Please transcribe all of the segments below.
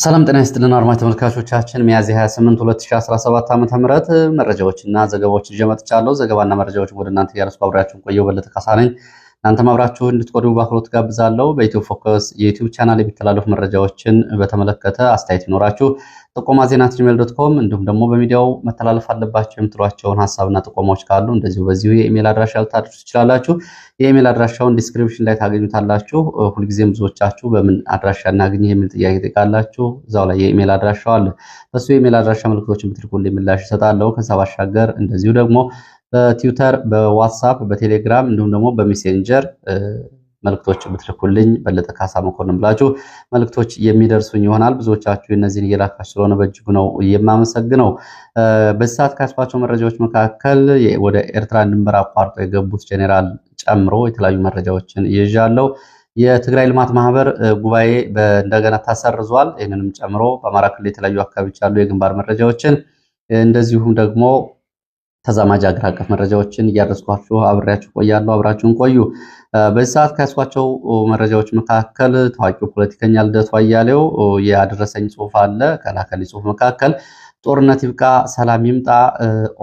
ሰላም ጤና ይስጥልን አድማጭ ተመልካቾቻችን፣ ሚያዝያ 28 2017 ዓ.ም መረጃዎችና ዘገባዎች ይዤ መጥቻለሁ። ዘገባና መረጃዎች ወደ እናንተ እያደረስኩ አብሬያችሁን ቆየው በለጠ ካሳ ነኝ። እናንተም አብራችሁ እንድትቆዩ በአክብሮት ጋብዛለሁ። በኢትዮ ፎከስ የዩቲዩብ ቻናል የሚተላለፉ መረጃዎችን በተመለከተ አስተያየት ይኖራችሁ ጥቆማ ዜና ጂሜል ዶት ኮም እንዲሁም ደግሞ በሚዲያው መተላለፍ አለባቸው የምትሏቸውን ሀሳብና ጥቆማዎች ካሉ እንደዚሁ በዚሁ የኢሜል አድራሻ ልታደርሱ ትችላላችሁ። የኢሜል አድራሻውን ዲስክሪፕሽን ላይ ታገኙታላችሁ። ሁልጊዜም ብዙዎቻችሁ በምን አድራሻ እናገኝ የሚል ጥያቄ ጠይቃላችሁ። እዛው ላይ የኢሜል አድራሻው አለ። በሱ የኢሜል አድራሻ መልክቶችን ብትልኩልኝ ምላሽ ይሰጣለሁ። ከዛ ባሻገር እንደዚሁ ደግሞ በትዊተር፣ በዋትሳፕ፣ በቴሌግራም እንዲሁም ደግሞ በሜሴንጀር መልክቶች ብትልኩልኝ በለጠ ካሳ መኮንን ብላችሁ መልክቶች የሚደርሱኝ ይሆናል። ብዙዎቻችሁ እነዚህን እየላካችሁ ስለሆነ በእጅጉ ነው የማመሰግነው። በዚህ ሰዓት ካስባቸው መረጃዎች መካከል ወደ ኤርትራ ድንበር አቋርጦ የገቡት ጄኔራል ጨምሮ የተለያዩ መረጃዎችን ይዣለሁ። የትግራይ ልማት ማህበር ጉባኤ እንደገና ተሰርዟል። ይህንንም ጨምሮ በአማራ ክልል የተለያዩ አካባቢዎች ያሉ የግንባር መረጃዎችን እንደዚሁም ደግሞ ተዛማጅ አገር አቀፍ መረጃዎችን እያደረስኳችሁ አብሬያችሁ ቆያለሁ። አብራችሁን ቆዩ። በዚህ ሰዓት ከያስኳቸው መረጃዎች መካከል ታዋቂው ፖለቲከኛ ልደቱ አያሌው ያደረሰኝ ጽሁፍ አለ። ከላከልኝ ጽሁፍ መካከል ጦርነት ይብቃ ሰላም ይምጣ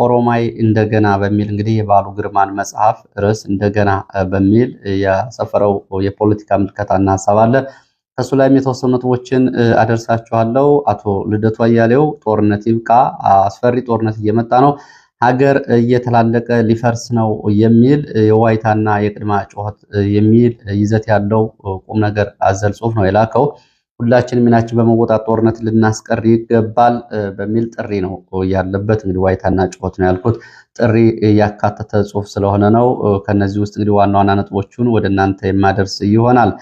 ኦሮማይ እንደገና በሚል እንግዲህ የበዓሉ ግርማን መጽሐፍ ርዕስ እንደገና በሚል ያሰፈረው የፖለቲካ ምልከታና ሀሳብ አለ። ከሱ ላይም የተወሰኑ ነጥቦችን አደርሳችኋለሁ። አቶ ልደቱ አያሌው ጦርነት ይብቃ፣ አስፈሪ ጦርነት እየመጣ ነው ሀገር እየተላለቀ ሊፈርስ ነው የሚል የዋይታና የቅድማ ጩኸት የሚል ይዘት ያለው ቁም ነገር አዘል ጽሁፍ ነው የላከው። ሁላችን ሚናችን በመወጣት ጦርነት ልናስቀር ይገባል በሚል ጥሪ ነው ያለበት። እንግዲህ ዋይታና ጩኸት ነው ያልኩት ጥሪ ያካተተ ጽሁፍ ስለሆነ ነው። ከነዚህ ውስጥ እንግዲህ ዋና ዋና ነጥቦቹን ወደ እናንተ የማደርስ ይሆናል።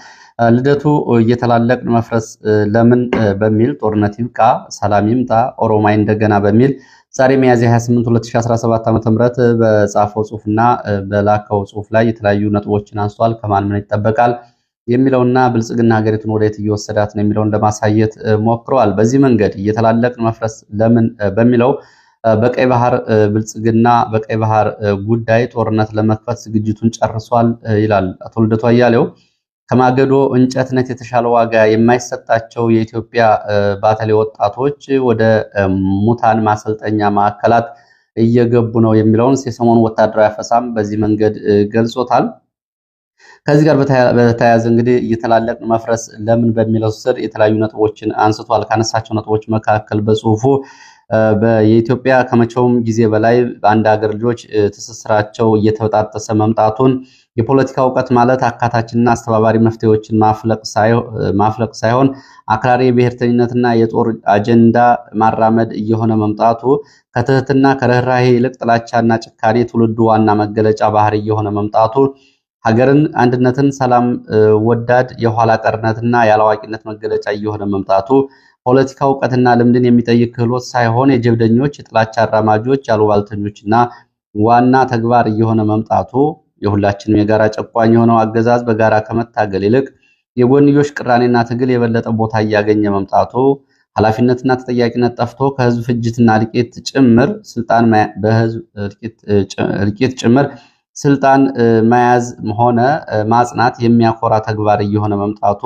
ልደቱ እየተላለቅን መፍረስ ለምን በሚል ጦርነት ይብቃ፣ ሰላም ይምጣ፣ ኦሮማይ እንደገና በሚል ዛሬ ሚያዝያ 28 2017 ዓ.ም በጻፈው ጽሁፍና በላከው ጽሁፍ ላይ የተለያዩ ነጥቦችን አንስቷል። ከማን ምን ይጠበቃል የሚለውና ብልጽግና ሀገሪቱን ወደየት እየወሰዳት ነው የሚለውን ለማሳየት ሞክረዋል። በዚህ መንገድ እየተላለቅን መፍረስ ለምን በሚለው በቀይ ባህር ብልጽግና በቀይ ባህር ጉዳይ ጦርነት ለመክፈት ዝግጅቱን ጨርሷል ይላል አቶ ልደቱ አያሌው። ከማገዶ እንጨትነት የተሻለ ዋጋ የማይሰጣቸው የኢትዮጵያ ባተሌ ወጣቶች ወደ ሙታን ማሰልጠኛ ማዕከላት እየገቡ ነው የሚለውን የሰሞኑ ወታደራዊ አፈሳም በዚህ መንገድ ገልጾታል። ከዚህ ጋር በተያያዘ እንግዲህ እየተላለቅ መፍረስ ለምን በሚለው ስር የተለያዩ ነጥቦችን አንስቷል። ካነሳቸው ነጥቦች መካከል በጽሁፉ የኢትዮጵያ ከመቼውም ጊዜ በላይ በአንድ ሀገር ልጆች ትስስራቸው እየተበጣጠሰ መምጣቱን የፖለቲካ እውቀት ማለት አካታችንና አስተባባሪ መፍትሄዎችን ማፍለቅ ሳይሆን አክራሪ የብሔርተኝነትና የጦር አጀንዳ ማራመድ እየሆነ መምጣቱ ከትህትና ከርኅራሄ ይልቅ ጥላቻና ጭካኔ ትውልዱ ዋና መገለጫ ባህር እየሆነ መምጣቱ ሀገርን፣ አንድነትን፣ ሰላም ወዳድ የኋላ ቀርነትና የአላዋቂነት መገለጫ እየሆነ መምጣቱ ፖለቲካ እውቀትና ልምድን የሚጠይቅ ክህሎት ሳይሆን የጀብደኞች፣ የጥላቻ አራማጆች፣ አሉባልተኞችና ዋና ተግባር እየሆነ መምጣቱ የሁላችንም የጋራ ጨቋኝ የሆነው አገዛዝ በጋራ ከመታገል ይልቅ የጎንዮሽ ቅራኔና ትግል የበለጠ ቦታ እያገኘ መምጣቱ ኃላፊነትና ተጠያቂነት ጠፍቶ ከህዝብ ፍጅትና እልቂት ጭምር ስልጣን በህዝብ እልቂት ጭምር ስልጣን መያዝ ሆነ ማጽናት የሚያኮራ ተግባር እየሆነ መምጣቱ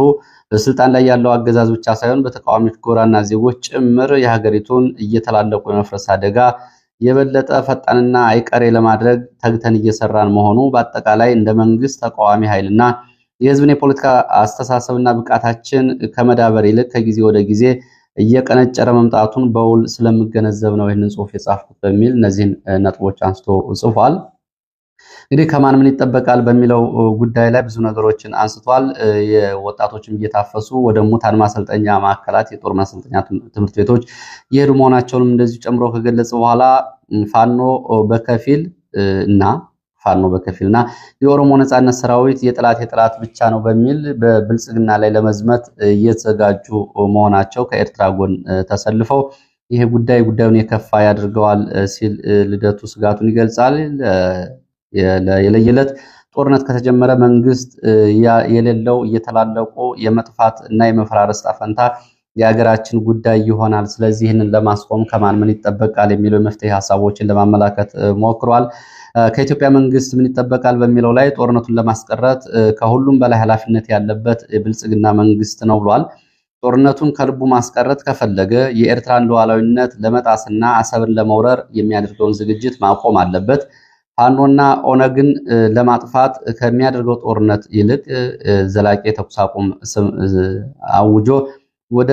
በስልጣን ላይ ያለው አገዛዝ ብቻ ሳይሆን በተቃዋሚዎች ጎራና ዜጎች ጭምር የሀገሪቱን እየተላለቁ የመፍረስ አደጋ የበለጠ ፈጣንና አይቀሬ ለማድረግ ተግተን እየሰራን መሆኑ በአጠቃላይ እንደ መንግስት ተቃዋሚ ኃይልና የህዝብን የፖለቲካ አስተሳሰብና ብቃታችን ከመዳበር ይልቅ ከጊዜ ወደ ጊዜ እየቀነጨረ መምጣቱን በውል ስለምገነዘብ ነው ይህንን ጽሁፍ የጻፍኩት በሚል እነዚህን ነጥቦች አንስቶ ጽፏል። እንግዲህ ከማን ምን ይጠበቃል በሚለው ጉዳይ ላይ ብዙ ነገሮችን አንስቷል። ወጣቶችም እየታፈሱ ወደ ሙታን ማሰልጠኛ ማዕከላት፣ የጦር ማሰልጠኛ ትምህርት ቤቶች የሄዱ መሆናቸውንም እንደዚሁ ጨምሮ ከገለጸ በኋላ ፋኖ በከፊል እና ፋኖ በከፊል እና የኦሮሞ ነፃነት ሰራዊት የጥላት የጥላት ብቻ ነው በሚል በብልጽግና ላይ ለመዝመት እየተዘጋጁ መሆናቸው ከኤርትራ ጎን ተሰልፈው ይሄ ጉዳይ ጉዳዩን የከፋ ያደርገዋል ሲል ልደቱ ስጋቱን ይገልጻል። የለየለት ጦርነት ከተጀመረ መንግስት የሌለው እየተላለቁ የመጥፋት እና የመፈራረስ ጣፈንታ የሀገራችን ጉዳይ ይሆናል። ስለዚህ ይህንን ለማስቆም ከማን ምን ይጠበቃል የሚለው የመፍትሄ ሀሳቦችን ለማመላከት ሞክሯል። ከኢትዮጵያ መንግስት ምን ይጠበቃል በሚለው ላይ ጦርነቱን ለማስቀረት ከሁሉም በላይ ኃላፊነት ያለበት ብልጽግና መንግስት ነው ብሏል። ጦርነቱን ከልቡ ማስቀረት ከፈለገ የኤርትራን ሉዓላዊነት ለመጣስና አሰብን ለመውረር የሚያደርገውን ዝግጅት ማቆም አለበት። ፋኖና ኦነግን ለማጥፋት ከሚያደርገው ጦርነት ይልቅ ዘላቂ የተኩስ አቁም አውጆ ወደ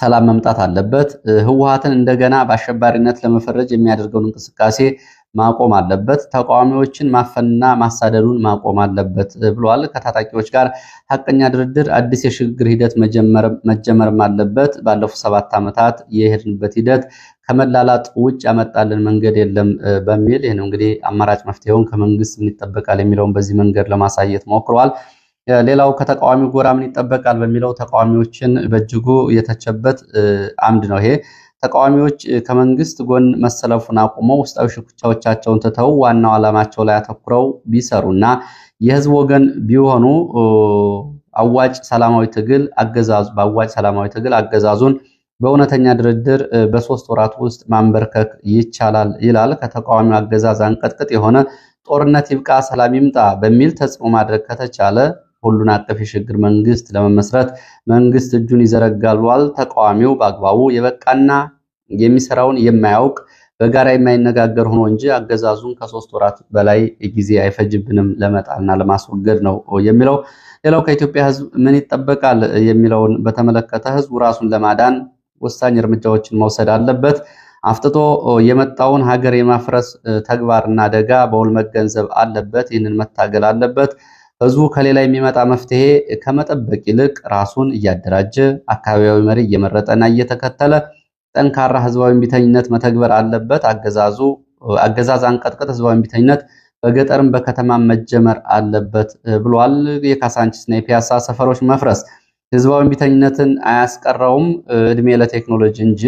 ሰላም መምጣት አለበት። ህወሓትን እንደገና በአሸባሪነት ለመፈረጅ የሚያደርገውን እንቅስቃሴ ማቆም አለበት፣ ተቃዋሚዎችን ማፈንና ማሳደዱን ማቆም አለበት ብሏል። ከታጣቂዎች ጋር ሀቀኛ ድርድር፣ አዲስ የሽግግር ሂደት መጀመርም አለበት። ባለፉት ሰባት ዓመታት የሄድንበት ሂደት ከመላላጥ ውጭ ያመጣልን መንገድ የለም በሚል ይህ እንግዲህ አማራጭ መፍትሄውን ከመንግስት ምን ይጠበቃል የሚለውን በዚህ መንገድ ለማሳየት ሞክረዋል። ሌላው ከተቃዋሚው ጎራ ምን ይጠበቃል በሚለው ተቃዋሚዎችን በእጅጉ የተቸበት አምድ ነው ይሄ ተቃዋሚዎች ከመንግስት ጎን መሰለፉን አቁመው ውስጣዊ ሽኩቻዎቻቸውን ትተው ዋናው ዓላማቸው ላይ አተኩረው ቢሰሩና የህዝብ ወገን ቢሆኑ አዋጭ ሰላማዊ ትግል አገዛዙ በአዋጭ ሰላማዊ ትግል አገዛዙን በእውነተኛ ድርድር በሶስት ወራት ውስጥ ማንበርከክ ይቻላል ይላል። ከተቃዋሚው አገዛዝ አንቀጥቅጥ የሆነ ጦርነት ይብቃ፣ ሰላም ይምጣ በሚል ተጽዕኖ ማድረግ ከተቻለ ሁሉን አቀፍ የሽግግር መንግስት ለመመስረት መንግስት እጁን ይዘረጋል ብሏል። ተቃዋሚው በአግባቡ የበቃና የሚሰራውን የማያውቅ በጋራ የማይነጋገር ሆኖ እንጂ አገዛዙን ከሶስት ወራት በላይ ጊዜ አይፈጅብንም ለመጣልና ለማስወገድ ነው የሚለው። ሌላው ከኢትዮጵያ ሕዝብ ምን ይጠበቃል የሚለውን በተመለከተ ሕዝቡ ራሱን ለማዳን ወሳኝ እርምጃዎችን መውሰድ አለበት። አፍጥጦ የመጣውን ሀገር የማፍረስ ተግባርና አደጋ በውል መገንዘብ አለበት። ይህንን መታገል አለበት። ህዝቡ ከሌላ የሚመጣ መፍትሄ ከመጠበቅ ይልቅ ራሱን እያደራጀ አካባቢያዊ መሪ እየመረጠና እየተከተለ ጠንካራ ህዝባዊ እምቢተኝነት መተግበር አለበት። አገዛዙ አገዛዝ አንቀጥቅጥ ህዝባዊ እምቢተኝነት በገጠርም በከተማ መጀመር አለበት ብሏል። የካሳንቺስና የፒያሳ ሰፈሮች መፍረስ ህዝባዊ እምቢተኝነትን አያስቀረውም፣ እድሜ ለቴክኖሎጂ እንጂ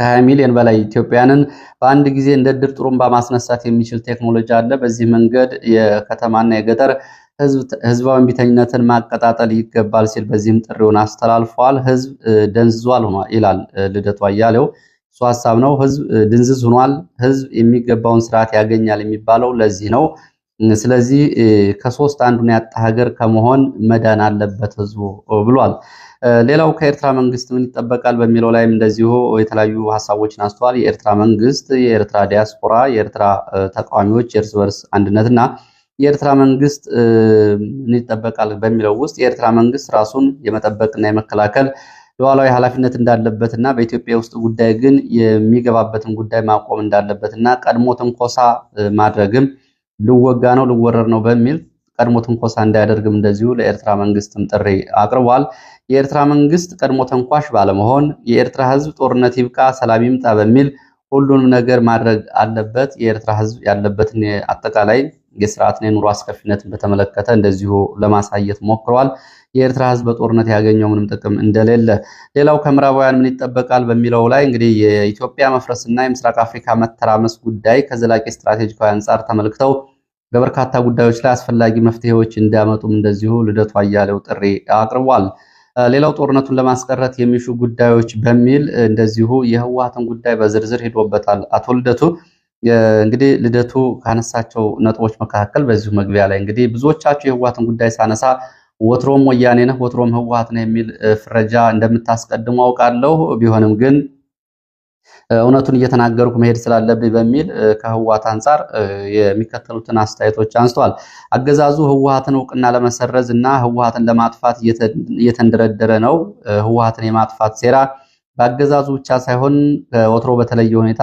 ከሀያ ሚሊዮን በላይ ኢትዮጵያንን በአንድ ጊዜ እንደ ድር ጥሩምባ ማስነሳት የሚችል ቴክኖሎጂ አለ። በዚህ መንገድ የከተማና የገጠር ህዝባዊ እምቢተኝነትን ማቀጣጠል ይገባል ሲል በዚህም ጥሪውን አስተላልፈዋል። ህዝብ ደንዝዟል ይላል ልደቱ አያሌው። እሱ ሀሳብ ነው። ህዝብ ድንዝዝ ሆኗል። ህዝብ የሚገባውን ስርዓት ያገኛል የሚባለው ለዚህ ነው። ስለዚህ ከሶስት አንዱን ያጣ ሀገር ከመሆን መዳን አለበት ህዝቡ ብሏል። ሌላው ከኤርትራ መንግስት ምን ይጠበቃል በሚለው ላይም እንደዚሁ የተለያዩ ሀሳቦችን አስተዋል። የኤርትራ መንግስት፣ የኤርትራ ዲያስፖራ፣ የኤርትራ ተቃዋሚዎች የእርስ በርስ አንድነትና የኤርትራ መንግስት ይጠበቃል በሚለው ውስጥ የኤርትራ መንግስት ራሱን የመጠበቅና የመከላከል ሉዓላዊ ኃላፊነት እንዳለበትና በኢትዮጵያ ውስጥ ጉዳይ ግን የሚገባበትን ጉዳይ ማቆም እንዳለበትና ቀድሞ ትንኮሳ ማድረግም ልወጋ ነው ልወረር ነው በሚል ቀድሞ ትንኮሳ እንዳያደርግም እንደዚሁ ለኤርትራ መንግስትም ጥሪ አቅርቧል። የኤርትራ መንግስት ቀድሞ ተንኳሽ ባለመሆን የኤርትራ ህዝብ ጦርነት ይብቃ፣ ሰላም ይምጣ በሚል ሁሉንም ነገር ማድረግ አለበት። የኤርትራ ህዝብ ያለበትን አጠቃላይ የስርዓትና የኑሮ አስከፊነትን በተመለከተ እንደዚሁ ለማሳየት ሞክረዋል። የኤርትራ ህዝብ በጦርነት ያገኘው ምንም ጥቅም እንደሌለ። ሌላው ከምዕራባውያን ምን ይጠበቃል በሚለው ላይ እንግዲህ የኢትዮጵያ መፍረስና የምስራቅ አፍሪካ መተራመስ ጉዳይ ከዘላቂ ስትራቴጂካዊ አንጻር ተመልክተው በበርካታ ጉዳዮች ላይ አስፈላጊ መፍትሄዎች እንዲያመጡም እንደዚሁ ልደቱ አያሌው ጥሪ አቅርቧል። ሌላው ጦርነቱን ለማስቀረት የሚሹ ጉዳዮች በሚል እንደዚሁ የህወሓትን ጉዳይ በዝርዝር ሄዶበታል አቶ ልደቱ እንግዲህ ልደቱ ካነሳቸው ነጥቦች መካከል በዚሁ መግቢያ ላይ እንግዲህ ብዙዎቻችሁ የህወሓትን ጉዳይ ሳነሳ ወትሮም ወያኔ ነህ ወትሮም ህወሓት ነህ የሚል ፍረጃ እንደምታስቀድሙ አውቃለሁ። ቢሆንም ግን እውነቱን እየተናገርኩ መሄድ ስላለብኝ በሚል ከህወሓት አንጻር የሚከተሉትን አስተያየቶች አንስተዋል። አገዛዙ ህወሓትን እውቅና ለመሰረዝ እና ህወሓትን ለማጥፋት እየተንደረደረ ነው። ህወሓትን የማጥፋት ሴራ በአገዛዙ ብቻ ሳይሆን ወትሮ በተለየ ሁኔታ